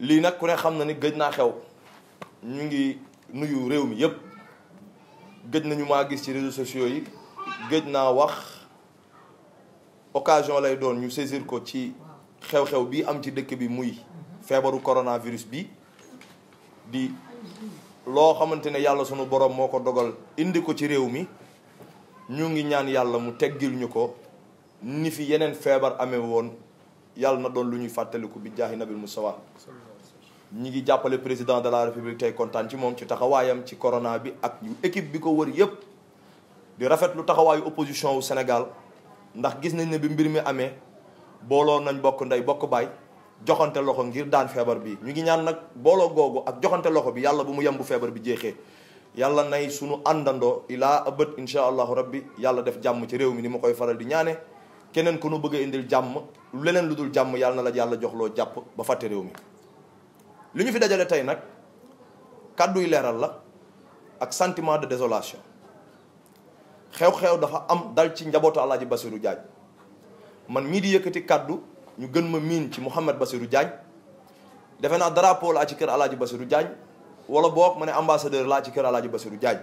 lii nag ku ne xam na ni gëj naa xew ñu ngi nuyu réew mi yëpp gëj nañu maa gis ci réseaux sociaux yi gëj naa wax occasion lay doon ñu saisir ko ci xew-xew bi am ci dëkk bi muy feebaru coronavirus bi di loo xamante ne yàlla sunu boroom moo ko dogal indi ko ci réew mi ñu ngi ñaan yàlla mu teggil ñu ko ni fi yeneen feebar amee woon yàlla na doon lu ñuy fàttaliku bi jaahi mu musawa ñi ngi jàppale président de la république tey kontaan ci moom ci taxawaayam ci corona bi ak équipe bi ko wër yëpp di rafetlu taxawaayu opposition wu Sénégal ndax gis nañ ne bi mbir mi amee booloo nañ bokk ndey bokk baay joxante loxo ngir daan feebar bi ñu ngi ñaan nag booloo googu ak joxante loxo bi yàlla bu mu yem bu feebar bi jeexee yàlla nay sunu àndandoo ilaa abad insha allahu rabbi yàlla def jàmm ci réew mi ni ma koy faral di ñaane keneen ku nu bëgg indil jàmm leneen lu dul jàmm yàlla na la yàlla jox loo jàpp ba fàtte li ñu fi dajale tey nag kàdduy leeral la ak sentiment de désolation xew-xew dafa am dal ci njabootu Alaaji Bassirou Diagne man mii di yëkkati kàddu ñu gën ma miin ci Mouhamed Bassirou Diagne defe naa drapeau laa ci kër Alaaji Bassirou Diagne wala boog ma ne ambassadeur laa ci kër Alaaji Bassirou Diagne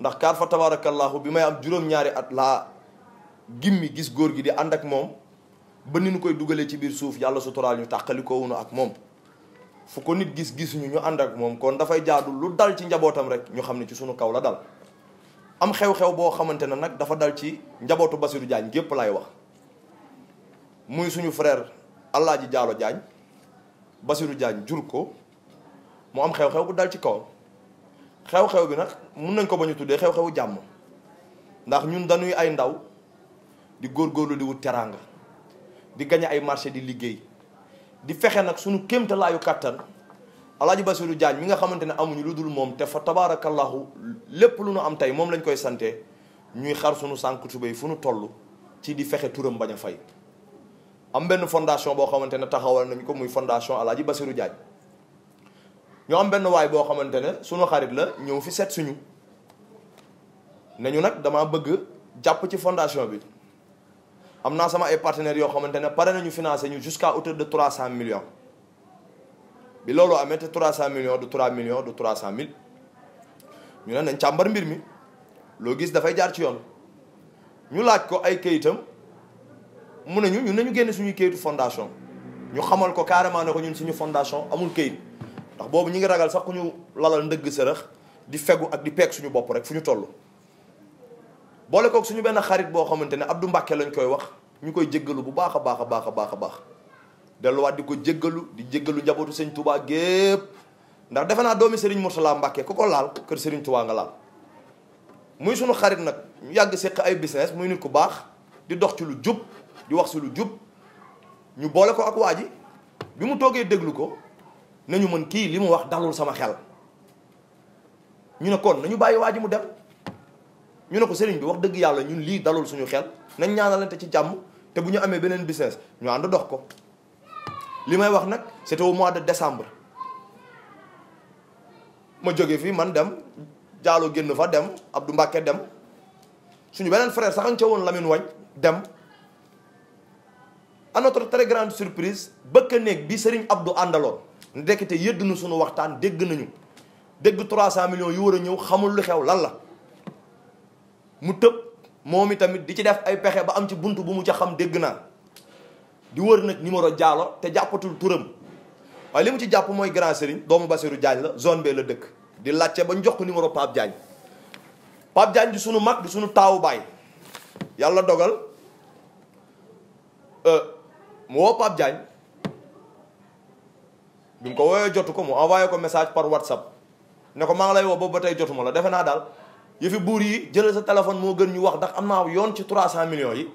ndax kaar fa tabarakallahu bi may am juróom-ñaari at laa gimmi gis góor gi di ànd ak moom ba ni koy dugalee ci biir suuf yàlla suturaal ñu tàqali ko ak moom fu ko nit gis gisuñu ñu ànd ak moom kon dafay jaadu lu dal ci njabootam rek ñu xam ne ci sunu kaw la dal am xew-xew boo xamante ne nag dafa dal ci njabootu Basirou Diagne gépp lay wax muy suñu frère Alaaji Diallo jaañ Basirou jaañ jur ko mu am xew-xew bu dal ci kawam xew-xew bi nag mun nañ ko ba ñu tuddee xew-xewu jàmm ndax ñun dañuy ay ndaw di góor di wut teraanga di gañe ay marché di liggéey di fexe nag suñu kéemtalaayu kàttan alaaji Basiru Jaañ mi nga xamante ne amuñu lu dul moom te fa tabaarakallahu lépp lu nu am tey moom lañ koy sante ñuy xar sunu suñu sànq tubéy fu nu toll ci di fexe turam bañ a fay am benn fondation boo xamante ne taxawal nañu ko muy fondation alaaji Basiru Jaañ ñu am benn waay boo xamante ne suñu xarit la ñëw fi seet suñu nañu nag dama bëgg jàpp ci fondation bi am naa sama ay partenaires yoo xamante ne pare nañu financé ñu jusqu'à hauteur de trois cent millions bi loolu amee te trois cent millions de trois millions de trois cent mille ñu ne nañ càmbar mbir mi loo dafay jaar ci yoon ñu laaj ko ay kayitam mu nañu ñu nañu génne suñu kayitu fondation ñu xamal ko carrément ne ko ñun suñu fondation amul kayit ndax boobu ñu ngi ragal sax ku ñu lalal ndëgg sërëx di fegu ak di peeg suñu bopp rek fu ñu toll boole kook suñu benn xarit boo xamante ne du Mbacke lañ koy wax ñu koy jéggalu bu baax a baax a baax a baax a baax delluwaat di ko jëggalu di jéggalu njabootu sëñ Touba gépp ndax defe naa doomi Serigne Mourtala Mbacke ku ko laal kër Serigne Touba nga laal muy suñu xarit nag ñu yàgg seq ay business muy nit ku baax di dox ci lu jub di wax si lu jub ñu boole ko ak waa bi mu toogee déglu ko nañu mën kii li mu wax dalul sama xel ñu ne koon nañu bàyyi waa ji mu dem ñu ne ko sëriñ bi wax dëgg yàlla ñun lii dalul suñu xel nañ ñaanalante ci jàmm te bu ñu amee beneen business ñu ànd dox ko li may wax nag c'était au mois de décembre ma jóge fii man dem jaaloo génn fa dem Abdou Mbacke dem suñu beneen frère sax ca woon Lamine Wañ dem à notre très grande surprise bëkk néeg bi ab Abdou àndaloon ndekete yëdd na suñu waxtaan dégg nañu dégg trois 300 millions yu war a ñëw xamul lu xew lan la mu tëb moom itamit di ci def ay pexe ba am ci bunt bu mu ca xam dégg naa di wër nag numéro jaalo te jàppatul turam waaye li mu ci jàpp mooy grand sëriñ doomu Basiru jaañ la zone bee la dëkk di laajte ba jox ko numéro Pape Diagne Pape Diagne di suñu mag di sunu taawu baay yàlla dogal euh, mu woo Pape Diagne bi mu ko woowee jotu ko mu envoyé ko message par WhatsApp ne ko maa lay woo boobu ba tey jotuma la defe naa daal yëfi buur yi jëlal sa téléphone moo gën ñu wax ndax am naa yoon ci 300 millions yi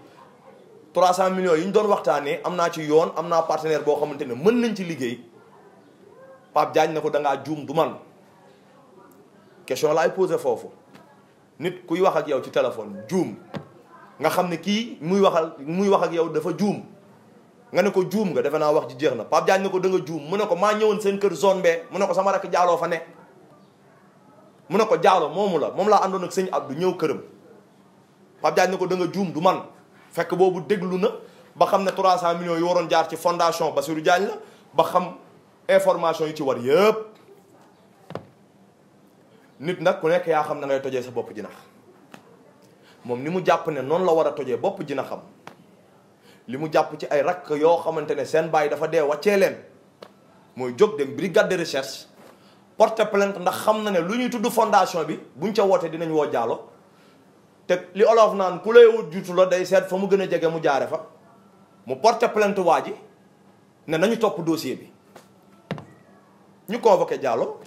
300 millions yi ñu doon waxtaanee am naa ci yoon am naa partenaire boo xamante ne mën nañ ci liggéey Pape jaañ ne ko da juum du man question laay posé foofu nit kuy wax ak yow ci téléphone juum nga xam ne kii muy waxal muy wax ak yow dafa juum nga ne ko juum nga defe naa wax ji jeex na Pape Diagne ne ko da nga juum mu ne ko maa ñëwoon seen kër zone B mu ne ko sama rakk jaaloo fa ne mu ne ko jaalo moomu la moom laa àndoon ak sëñ Abdou ñëw këram Pape Diagne ne ko danga juum du man fekk boobu déglu na ba xam ne trois cent millions yi waroon jaar ci fondation Bassirou Diagne la ba xam information yi ci war yëpp nit nag ku nekk yaa xam na ngay tojee sa bopp jinax moom ni mu jàpp ne noonu la war a tojee bopp jinaxam li mu jàpp ci ay rakk yoo xamante ne seen bàyyi dafa dee wàccee leen mooy jóg dem brigade de recherche porter plainte ndax xam na ne lu ñuy tudd fondation bi bu buñ ca wootee dinañ woo Diallo te li olof naan ku lay wut juutu la day seet fa mu gën a jege mu jaare fa mu porter plainte waa ji ne nañu topp dossier bi ñu convoqué jaalo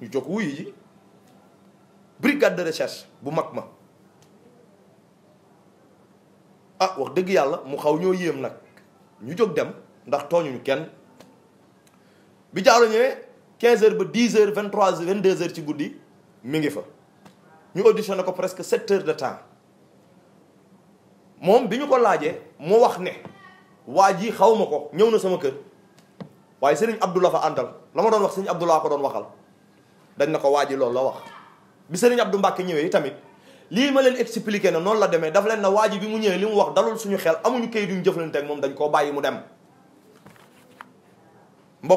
ñu jóg wuyu ji brigade de recherche bu mag ma ah wax dëgg yàlla mu xaw ñoo yéem nag ñu jóg dem ndax tooñuñu kenn bi Diallo ñëwee 15 heures ba 10 heures 23 heures 22 heures ci guddi mi ngi fa ñu na ko presque 7 heures de temps moom bi ñu ko laajee mu wax ne waa ji xaw ko ñëw na sama kër waaye sëriñ Abdoulah fa àndal la ma doon wax sëriñ Abdoulah ko doon waxal dañ na ko waa ji loolu la wax. bi sëriñ Abdou Mbacke ñëwee tamit lii ma leen expliqué na noonu la demee daf leen na waaj ji bi mu ñëwee li mu wax dalul suñu xel amuñu kayit yu ñu moom dañ koo bàyyi mu dem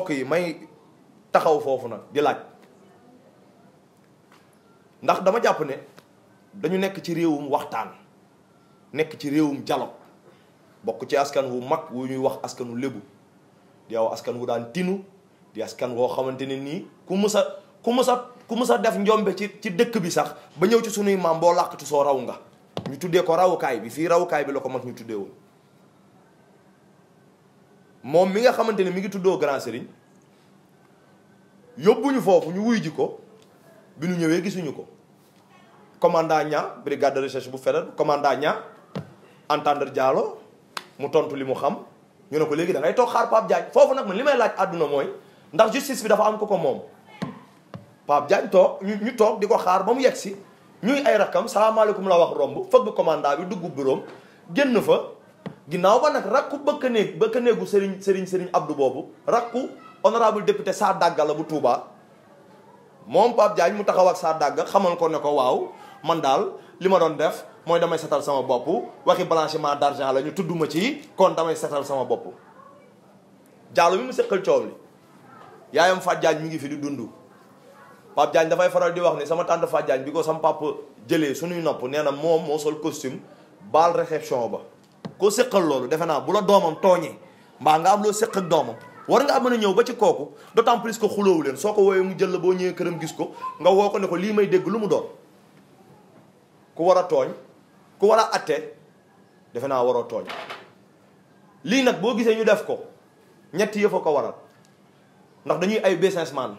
yi may. taxaw foofu nag di laaj ndax dama jàpp ne dañu nekk ci réewum waxtaan nekk ci réewum jalo bokk ci askan wu mag wu ñuy wax askanu lébu di aw askan wu daan tinu di askan woo xamante ne nii ku mës a ku mës a ku mës a def njombe ci ci dëkk bi sax ba ñëw ci sunuy maam boo làqatu soo raw nga ñu tuddee ko rawukaay bi fii rawukaay bi la ko mag ñu tuddee woon moom mi nga xamante ne mi ngi tuddoo grand sëriñ yóbbuñu foofu ñu wuy ji ko bi ñu ñëwee gisuñu ko commandant ña brigade de bu feder commandant ña entendre Diallo mu tontu li mu xam ñu ne ko léegi da ngay toog xaar Pape Diagne foofu nag man li may laaj àdduna mooy ndax justice bi dafa am ko ko moom Pape Diagne toog ñu toog di ko xaar ba mu yegg si ñuy ay rakkam salaamaaleykum la wax romb fëgg commandant bi dugg buróom génn fa ginnaaw ba nag rakku bëkk néeg bëkk néegu sëriñ sëriñ sëriñ Abdou boobu rakku honorable député saa Dagga la bu Touba moom Pape Diagne mu taxaw ak Sa Dagga xamal ko ne ko waaw man daal li ma doon def mooy damay setal sama bopp waxi blanchiment d'argent la ñu tudd ma ci kon damay setal sama bopp jaalo bi mu seqal coow li yaayam Fatou Diagne mu ngi fi di dund Pape Diagne dafay faral di wax ni sama tante Fatou Diagne bi ko sama papa jëlee suñuy nopp nee na moom moo sol costume baal réception ba ko seqal loolu defe naa bu la doomam tooñee mbaa nga am seq doomam war ngaa mën a ñëw ba ci kooku d'autant plus que xuloowu leen soo ko woowee mu jël la boo ñëwee këram gis ko nga woo ko ne ko lii may dégg lu mu doon ku war a tooñ ku war a atte defe naa waroo tooñ lii nag boo gisee ñu def ko ñetti yëfa ko waral ndax dañuy ay businessman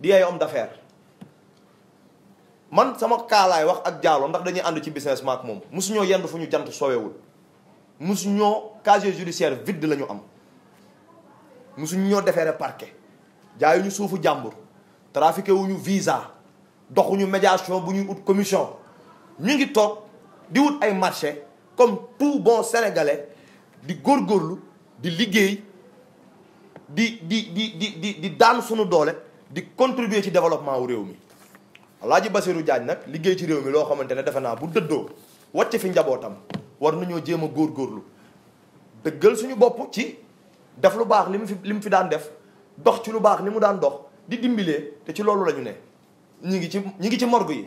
di ay homme d'affaires man sama kaalaay wax ak jaalo ndax dañuy ànd ci business maak moom musuñoo ñoo yend fu ñu jant soowewul mosu ñoo casier judiciaire vide lañu am suñu ñoo defeere parquet jaayuñu suufu jàmbur trafiqué wuñu visa doxuñu médiation bu ñuy ut commission ñu ngi toog di wut ay marché comme tout bon sénégalais di góor góorlu di liggéey di di di di di di daan suñu doole di contribuer ci développement wu réew mi Alaaji Basiru Jaañ nag liggéey ci réew mi loo xamante ne defe naa bu dëddoo wàcc fi njabootam war nañoo jéem a góorlu dëggal suñu bopp ci def lu baax li mu fi li mu fi daan def dox ci lu baax li mu daan dox di dimbilee te ci loolu la ñu ne ñi ngi ci ñi ngi ci morgo yi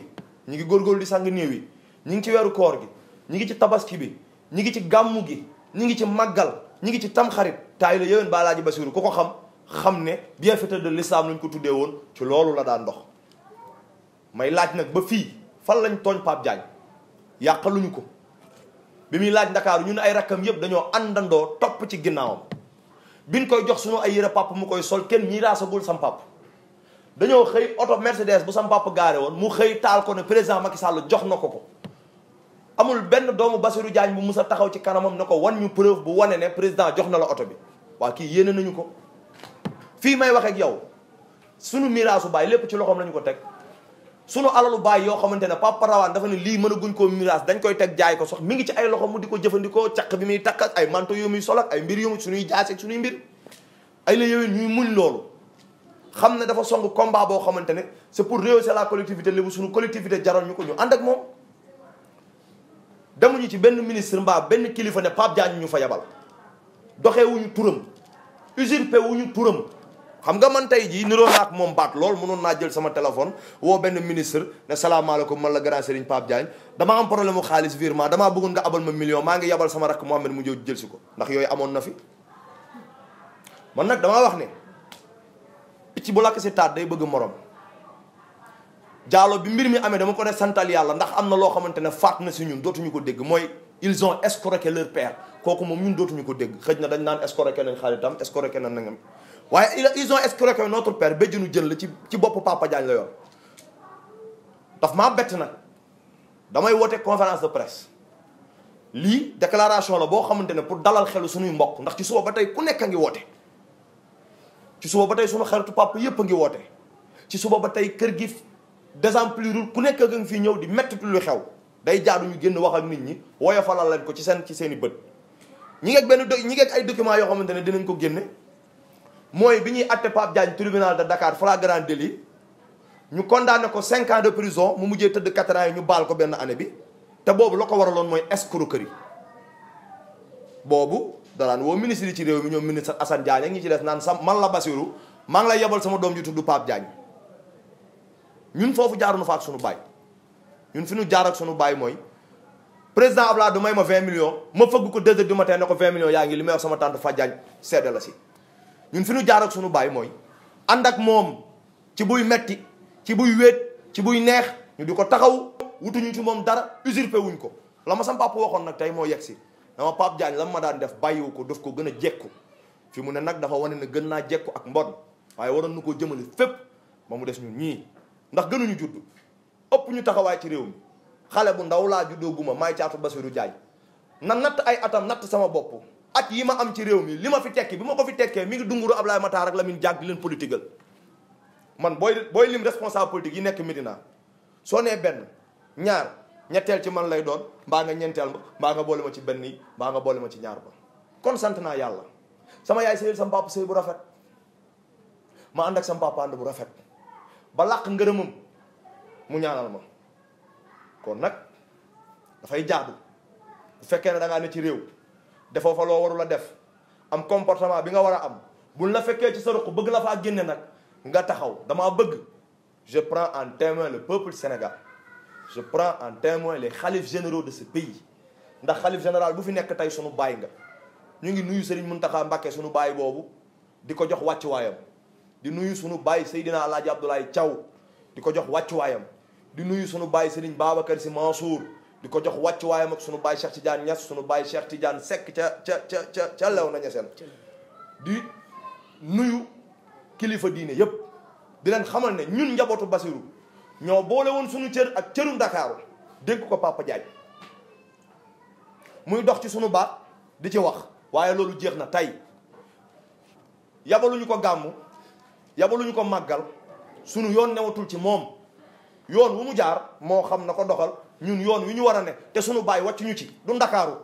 ñi ngi góor di sang néew yi ñi ngi ci weeru koor gi ñi ngi ci tabaski bi ñi ngi ci gàmmu gi ñi ngi ci màggal ñi ngi ci tamxarit taay la yéwén ba Alaaji Basiru ku ko xam xam ne bienfaiteur de l'islam lañ ko tuddee woon ci loolu la daan dox may laaj nag ba fii fan lañ tooñ Pape Diagne yàqaluñu ko bi muy laaj Ndakaaru ñu ne ay rakkam yëpp dañoo àndandoo topp ci ginnaawam biñ koy jox suñu ay yére papa mu koy sol kenn miiraasagul sam papa dañoo xëy oto Mercedes bu sam papa gaare woon mu xëy taal ko ne président Macky Sall jox na ko ko amul benn doomu Bassirou Diagne mu musa taxaw ci kanamam ne ko wan ñu preuve bu wane ne président jox na la oto bi waa kii yéene nañu ko fii may wax ak yow suñu miiraasu baay lépp ci loxoom lañu ko teg sunu alalu baay yoo xamante ne papa rawaan dafa ne lii mën a guñ koo miraas dañ koy teg jaay ko sax mi ngi ci ay loxo mu di ko jëfandikoo caq bi muy takk ay manto yu muy sol ay mbir yu muy suñuy jaaseeg suñuy mbir ay la yoween ñuy muñ loolu xam ne dafa song combat boo xamante ne c'est pour rehausser la collectivité lébu suñu collectivité jaroon ñu ko ñu ànd ak moom demuñu ci benn ministre mbaa benn kilifa ne Pape Diagne ñu fa yabal doxee wuñu turam usurpé wuñu xam nga man tey jii niroo naa ak moom baat lool mënoon naa jël sama téléphone woo benn ministre ne salaamaaleykum man la grand Serigne Pape Diagne dama am problème mu xaalis virement damaa bëggoon nga abal ma million maa ngi yabal sama rakk Mohamed mu jëw jël si ko ndax yooyu amoon na fi. man nag dama wax ne picc bu lakk si taat day bëgg morom jaalo bi mbir mi amee dama ko ne santal yàlla ndax am na loo xamante ne faat na si ñun dootuñu ko dégg mooy ils ont escroqué leur kooku moom ñun dootuñu ko dégg xëj na dañ naan escroqué nañ xaalisam escroqué nañ nangam. waaye ils ont escroqué notre père béjjinu jën la ci ci bopp Papa Diagne la yor daf maa bett nag damay woote conférence de presse lii declaration la boo xamante ne pour dalal xelu suñuy mbokk ndax ci suba ba tey ku nekk a ngi woote ci suba ba tey suñu xaritu papa yëpp a ngi woote ci suba ba tey kër gi désemplirul ku nekk a ngi fii ñëw di métti lu xew day jaadu ñu génn wax ak nit ñi woyofalal leen ko ci seen ci seen i bët ñi ngeeg benn ñi ngeeg ay documents yoo xamante ne dinañ ko génne mooy bi ñuy atte Pape Diagne tribunal de Dakar flagrant délit ñu condamné ko cinq ans de prison mu mujjee tëdd quatre ans yi ñu baal ko benn année bi te boobu la ko waraloon mooy escroquerie boobu danaan woo ministre ci réew mi ñoom ministre Assane Diagne ak ñi ci des naan sam man la Basirou maa ngi lay yebal sama doom ju tudd Pape Diagne ñun foofu jaaruñu fa ak sunu baay ñun fi ñu jaar ak sunu baay mooy président Abdoulaye du may ma 20 million ma ko deux heures ne ko 20 yaa ngi li may wax sama tante sedd la si. ñun fi ñu jaar sunu baay mooy ànd ak moom ci buy metti ci buy wéet ci buy neex ñu di ko taxaw wutuñu ci moom dara usurpé wuñ ko la ma sam papa waxoon nag tey moo yegg si dama Pape Diagne la ma daan def bàyyiwu ko daf ko gën a jekku fi mu ne nag dafa wane ne gën naa jekku ak mbon waaye waroon na koo jëmale fépp ba mu des ñun ñii ndax gënuñu judd ëpp ñu taxawaay ci réew mi xale bu ndaw laa juddoo guma maay caatu Basiru Jaay na natt ay atam natt sama bopp ak yi ma am ci réew mi li ma fi tekki bi ma ko fi tekkee mi ngi dunguru Ablaye Matar ak Lamine Diack di leen politigal man booy booy lim responsable politique yi nekk Médina soo nee benn ñaar ñetteel ci man lay doon mbaa nga ñeenteel ma mbaa nga boole ma ci benn yi mbaa nga boole ma ci ñaar ba kon sant naa yàlla sama yaay sëyul sama papa sëy bu rafet ma ànd ak sama papa ànd bu rafet ba làq ngërëmam mu ñaanal ma kon nag dafay jaadu bu fekkee ne da ngaa ci réew defoo fa loo warul a def am comportement bi nga war a am bu la fekkee ci sa ruq bëgg la faa génne nag nga taxaw damaa bëgg je prends en témoin le peuple Sénégal je prends en témoin les xalifs généraux de ce pays ndax xalif général bu fi nekk tey sunu baay nga ñu ngi nuyu mun Mountakha Mbacké sunu baay boobu di ko jox wàccuwaayam di nuyu sunu baay Seydina Alaaji Abdoulaye caw di ko jox wàccuwaayam di nuyu sunu baay Serigne Babacar Sy Mansour di ko jox wàccuwaayam ak sunu baay Cheikh Tidiane Niass sunu baay Cheikh Tidiane Seck ca ca ca ca ca lew na ñeseen di nuyu kilifa diine yëpp di leen xamal ne ñun njabootu Basiru ñoo boole woon sunu cër ak cëru Ndakaaru dégg ko Papa Diagne muy dox ci sunu baat di ci wax waaye loolu jeex na tey yabaluñu ko gàmmu yabaluñu ko màggal sunu yoon newatul ci moom yoon wu mu jaar moo xam na ko doxal ñun yoon wi ñu war a ne te suñu bàyyi wàcc ci du ndakaaru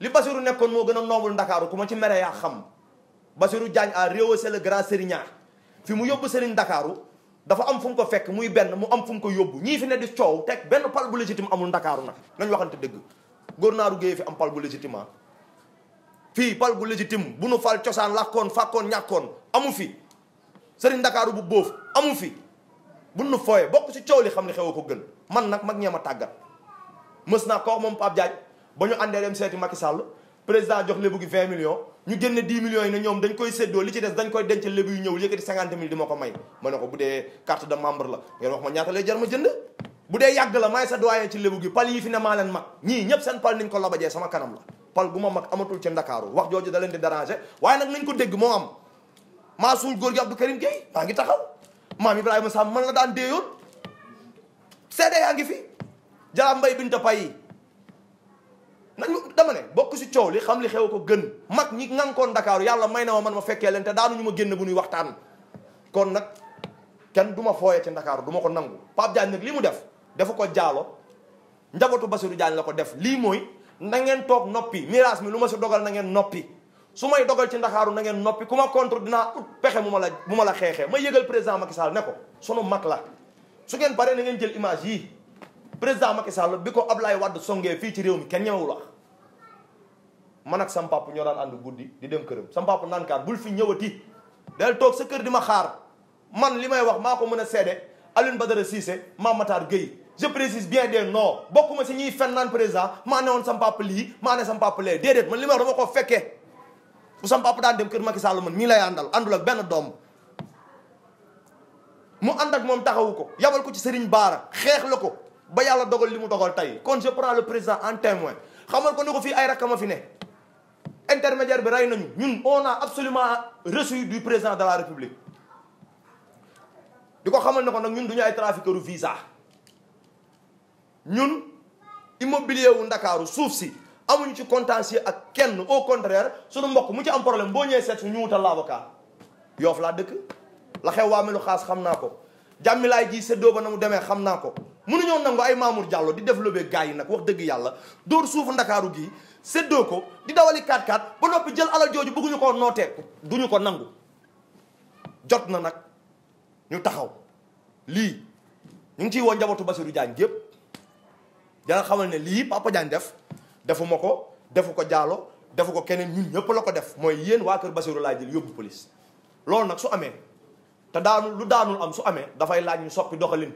li Basiru nekkoon moo gën a noobul ndakaaru ku ma ci mere yaa xam Basiru Diagne a rehaussé le grand fi mu yóbbu Serigne ndakaaru dafa am fu mu ko fekk muy benn mu am fu mu ko yóbbu ñii fi ne di coow teg benn pal bu légitime amul ndakaaru nag nañ waxante dëgg góor naaru géyee fi am pal bu ah. fii pal bu légitime bu nu fal cosaan làkkoon fàkkoon ñàkkoon amu fi Serigne ndakaaru bu boof amu fi bu nu fooye bokk ci coow li xam ne xew ko gën man nag mag ñeema tàggat mës naa ko moom Pape Diagne ba ñu àndee dem seeti Macky Sall président jox lébu gi 20 millions ñu génne 10 millions yi ne ñoom dañ koy séddoo li ci des dañ koy denc lébu yu ñëw yëkkati 50 mille di ko may ma ne ko bu dee carte de membre la ngeen wax ma ci lébu gi pal yi fi ne maa leen mag ñii ñëpp seen pal niñ ko labajee sama kanam la pal bu ma mag amatul ci ndakaaru wax jooju da leen di déranger waaye nag nañ ko dégg moo am maa suul góor gi Abdou Karim Gueye maa ngi taxaw maam Ibrahima Sam man daan déeyoon seede yaa ngi fi jaa mbay binta payi nañu dama ne bokk si coow li xam li xew ko gën mag ñi ngankoon ndakaaru yàlla may na ma man ma fekkee leen te ñu ma génn bu ñuy waxtaan kon nag kenn duma ma ci Dakar du ma ko nangu Pape Diagne nag li mu def dafa ko jaalo njabootu Bassirou Diagne la ko def lii mooy na ngeen toog noppi miraas mi lu ma si dogal na ngeen noppi su may dogal ci ndakaaru na ngeen noppi ku ma contre dinaa ut pexe mu ma la bu ma la xeexee ma yëgal président Macky Sall ne ko sunu mag la su ngeen baree na ngeen jël image yii président Macky Sall bi ko ab laay Wade songee fii ci réew mi ken ñëwul wax man ak sam papa ñoo daan ànd guddi di dem këram sam papa naan kaar bul fi ñëwati del toog sa kër di ma xaar man li may wax maa ko mën a seede Alioune Badara Cissé Mame Matar Gueye je précise bien des noms bokkuma si ñuy fen naan président maa ne woon sam papa lii maa ne sam papa lee déedéet man li may wax dama ko fekkee bu sam daan dem kër Macky Sall man mii lay àndal àndul ak benn doom mu ànd ak moom taxawu ko yabal ko ci Serigne Baara xeex la ko ba yàlla dogal li mu dogal tey kon je prends le président en témoin xamal ko ni ko fii ay rakkama fi ne intermédiaire bi rey nañu ñun on a absolument reçu du président de la république di ko xamal ne ko nag ñun duñu ay trafiqueuru visa ñun immobilier wu ndakaaru suuf si amuñu ci contentieux ak kenn au contraire sunu mbokk mu ci am problème boo ñëwee seet su ñu wutal l'avocat yoof laa dëkk la xew waa melu xaas xam naa ko jàmmi jàmmilaay ji séddoo ba na mu demee xam naa ko mënuñoo nangu ay Mamour Diallo di développé gars yi nag wax dëgg yàlla dóor suufu ndakaaru gii séddoo ko di dawali 4-4 ba noppi jël alal jooju bëgguñu ko nootee duñu ko nangu jot na nag ñu taxaw lii ñu ngi ciy woo njabootu Bassirou jaan gépp danga xamal ne lii Papa Diagne def defuma ko defu ko Diallo defu ko keneen ñun ñëpp la ko def mooy yéen waa kër Bassirou laa jël yóbbu police loolu nag su amee te daanul lu daanul am su amee dafay laaj ñu soppi doxalin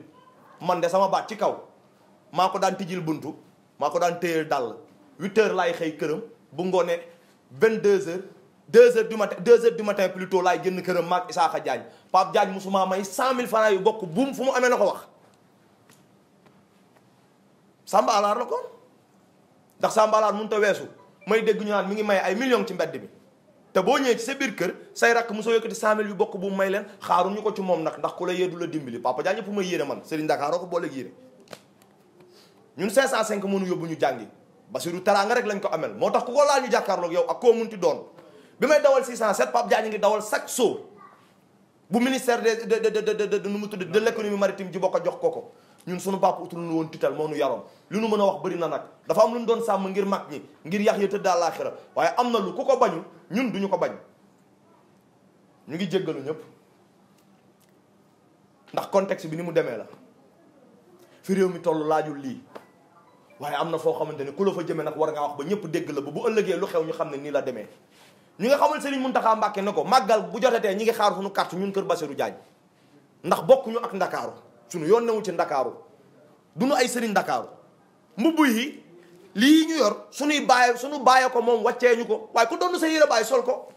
man de sama baat ci kaw maa ko daan tijjil buntu maa ko daan téyeel dal huit heures laay xëy këram bu ngoonee vingt deux heures deux heures du matin deux heures du matin plutôt laay génn këram maag Isaaxa Diagne Pape Diagne musuma may cent mille francs yu bokk buum fu mu amee na ko wax Samba la kon ndax Samba Alaar mënut a weesu may dégg ñu naan mi ngi may ay millions ci mbedd mi te boo ñëwee ci sa biir kër say rakk mosoo yëkkati 100000 bi bokk bu may leen xaaruñu ko ci moom nag ndax ku la yee la dimbali papa Dia ñëpp may yéene man Serigne Dakar oo ko booleeg yéene ñun 505 mënu yóbbu ñu jàngi Basiru teraanga rek lañ ko amel moo tax ku ko laal ñu jàkkaarloog yow ak koo munti doon bi may dawal 607 Pape Dia ñu ngi dawal chaque jour bu ministère de de de de de nu mu tudd de l' économie maritime ji bokk jox ko ko ñun suñu bàpp utul nu woon tiital moo nu yaroon li nu mën a wax bari na nag dafa am lu ñu doon sàmm ngir mag ñi ngir yax ya tëdd àllaaxira waaye am na lu ku ko bañu ñun duñu ko bañ ñu ngi jéggalu ñëpp ndax contexte bi ni mu demee la fi réew mi toll laajul lii waaye am na foo xamante ne ku la fa jëmee nag war ngaa wax ba ñëpp dégg la ba bu ëllëgee lu xew ñu xam ne nii la demee ñu nga xamal Serigne Mountakha Mbacké ne ko màggal bu jotetee ñi ngi xaar suñu carte ñun kër Bassirou Diagne ndax bokkuñu ak Ndakaaru sunu yoon newu ci ndakaaru du nu ay sëriñ ndakaaru mbubb yi lii ñu yor su su bàyyi sunu bàyyi ko moom wàccee ñu ko waaye ku doon sa yére bàyyi sol ko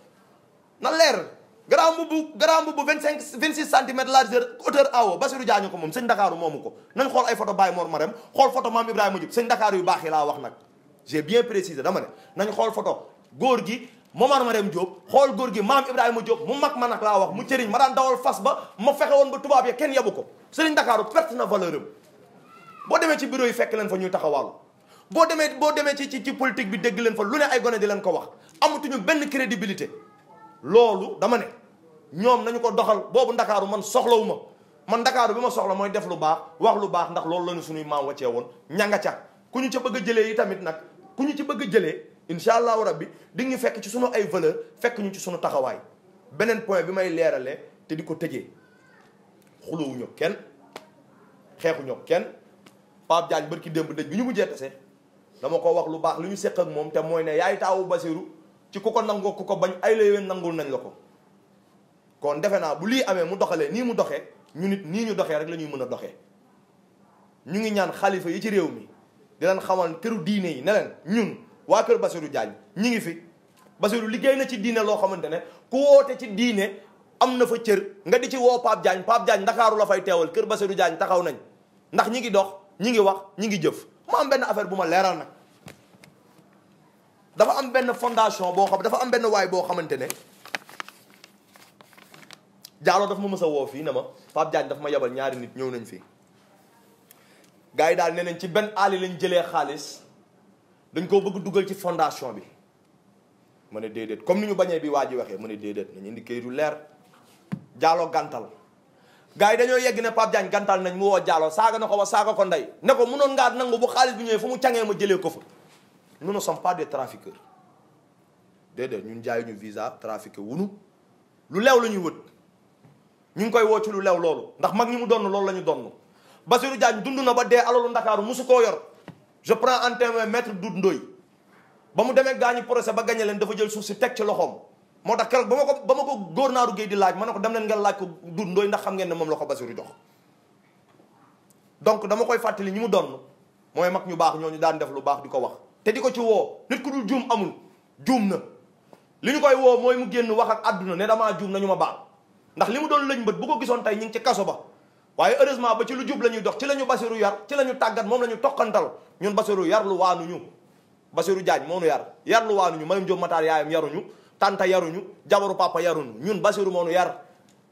na leer grand mbubb grand mbubb vingt cinq vingt six centimètres largeur hauteur awo Basiru jaañu ko moom sëñ ndakaaru moomu ko nañ xool ay photo Baye Mor Marème xool photo maam Ibrahima Diop sëñ ndakaaru yu baax yi laa wax nag j'ai bien précisé dama ne nañ xool photo góor gi Momar Marème Diop xool góor gi maam Ibrahima Diop mu mag ma nag laa wax mu cëriñ ma daan dawal fas ba ma fexe woon ba tubaab ya kenn yabu ko sëriñ Ndakaaru perte na valeur am boo demee ci bureau yi fekk leen fa ñuy taxawaalu boo demee boo demee ci ci ci bi dégg leen fa lu ne ay gone di leen ko wax amatuñu benn crédibilité loolu dama ne ñoom nañu ko doxal boobu Ndakaaru man soxlawu ma man Ndakaaru bi ma soxla mooy def lu baax wax lu baax ndax loolu lañu suñuy maam wàccee woon ñanga ca ku ñu ca a jëlee yi tamit nag ku ñu ci bëgg a jëlee incha allahu rabbi di ñu fekk ci sunu ay valeur fekk ñu ci sunu taxawaay beneen point bi may leerale te di ko tëjee xulowuñu kenn xeexuñu kenn Pape Diagne bërki démb dëj bi ñu mujjee tase dama ko wax lu baax lu ñu seq moom te mooy ne yaay taawu Basiru ci ku ko nangoo ku ko bañ ay layween nangul nañ la ko kon defe naa bu lii amee mu doxalee nii mu doxee ñu nit nii ñu doxee rek la ñuy mën a doxee ñu ngi ñaan xalifa yi ci réew mi di leen xamal këru diine yi ne leen waa kër Basirou Diagne ñi ngi fi Basirou liggéey na ci diine loo xamante ne ku woote ci diine am na fa cër nga di ci woo Pape Diagne Pape Diagne ndakaaru la fay teewal kër Basirou Diagne taxaw nañ ndax ñi ngi dox ñi ngi wax ñi ngi jëf ma am benn affaire bu ma leeral nag dafa am benn fondation boo xam dafa am benn waay boo xamante ne jaaloo daf ma mës a woo fii na ma Pape jaañ daf ma yebal ñaari nit ñëw nañ fii gars yi daal nee nañ ci benn aali lañ jëlee xaalis dañ koo bëgg dugal ci fondation bi ma ne déedéet comme ni ñu bañee bi waa ji waxee ma ne déedéet nañ indi këyitu leer jaaloo gantal gars yi dañoo yegg ne Pape Diagne gàntal nañ mu woo jaaloo saaga na ko wa saaga ko ndey ne ko noon ngaa nangu bu xaalis bi ñëwee fu mu cangee ma jëlee ko fa nous ne sommes pas des trafiqueurs déedéet ñun jaayuñu visa trafiqué wunu lu leew la ñuy wët ñu ngi koy woo ci lu leew loolu ndax mag ñi mu donn loolu la ñu donn Basirou Diagne dund na ba dee alalu Ndakaaru musu koo yor je prends en témoin maître Doudou ba mu demee gaañu procès ba gagné leen dafa jël suuf si teg ci loxoom moo tax keroog ba ma ko ba ma ko góor naaru géey di laaj ma ne ko dem leen nga laaj ko Doudou Ndoye ndax xam ngeen ne moom la ko Bassirou jox donc dama koy fàttali ñi mu doon mooy mag ñu baax ñoo ñu daan def lu baax di ko wax te di ko ci woo nit ku dul juum amul juum na li ñu koy woo mooy mu génn wax ak àdduna ne damaa juum nañu ma baal ndax li mu doon lëñbët bu ko gisoon tey ñu ngi ci kaso ba waaye heureusement ba ci lu jub la ñuy dox ci la ñu yar ci la ñu tàggat moom la ñu toqantal ñun Basiru yar lu ñu Basiru Jaañ moom nu yar yar lu waanuñu Mariam Jóob Mataar yaayam yaruñu tanta yaruñu jabaru papa yaruñu ñun Basiru moo nu yar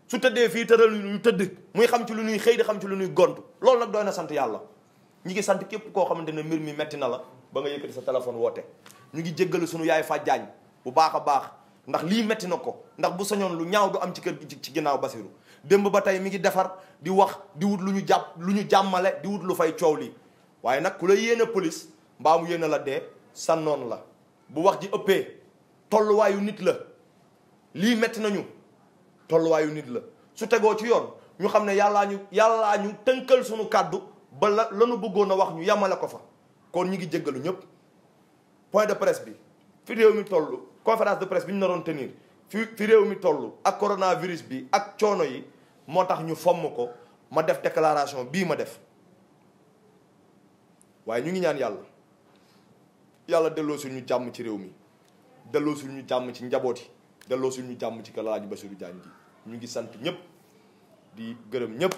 su tëddee fii tëral ñu tëdd muy xam ci lu ñuy xëy di xam ci lu nuy gont loolu nag doy na sant yàlla ñi ngi sant képp koo xamante ne mbir mi metti na la ba nga yëkkati sa téléphone woote ñu ngi jéggalu suñu yaay fa jaañ bu baax a baax ndax lii metti na ko ndax bu sañoon lu ñaaw du am ci kër gi ci ginnaaw Basiru démb ba tey mi ngi defar di wax di wut lu ñu jàpp lu ñu jàmmale di wut lu fay coow li waaye nag ku la yéene police mbaa mu la dee sa noon la bu wax ji ëppee tolluwaayu nit la lii metti nañu tolluwaayu nit la su tegoo ci yoon ñu xam ne yàllaa ñu yàllaa ñu tënkal suñu kàddu ba la lanu bëggoon a wax ñu yàmmale ko fa kon ñi ngi jéggalu ñëpp point de presse bi fi réew mi toll conférence de presse bi ñu naroon tenir fi fi réew mi tollu ak coronavirus bi ak coono yi moo tax ñu fomm ko ma def déclaration bii ma def waaye ñu ngi ñaan yàlla yàlla delloo suñu jàmm ci réew mi delloo ñu jàmm ci njaboot yi delloo ñu jàmm ci kër ba Bassirou Diagne ji ñu ngi sant ñëpp di gërëm ñëpp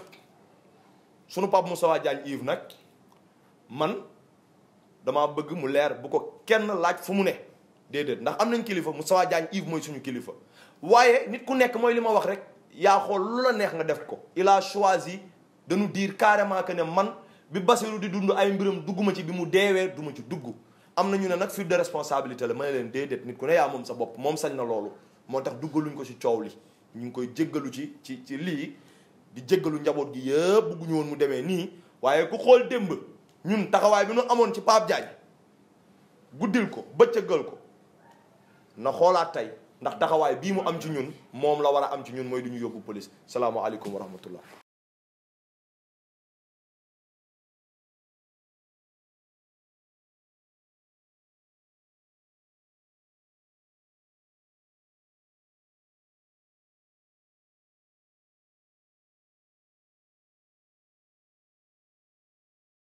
sunu mu Moustapha Diagne Yves nag man damaa bëgg mu leer bu ko kenn laaj fu mu ne déedéet ndax am nañ kilifa mu Moustapha Diagne Yves mooy suñu kilifa waaye nit ku nekk mooy li ma wax rek yaa xool lu la neex nga def ko il a choisi de nous dire que ne man bi Bassirou di dund ay mbiram dugguma ci bi mu deewee duma ci dugg am na ñu ne nag fuite de responsabilité la ma ne leen déedéet nit ku ne yaa moom sa bopp moom sañ na loolu moo tax duggaluñ ko ci coow li ñu ngi koy jëggalu ci ci ci lii di jëggalu njaboot gi yëpp bugguñu woon mu demee nii waaye ku xool démb ñun taxawaay bi ñu amoon ci Pape Diagne guddil ko bëccëgal ko na xoolaat tey ndax taxawaay bii mu am ci ñun moom la war a am ci ñun mooy du ñu yóbbu police salaamaaleykum wa rahmatullah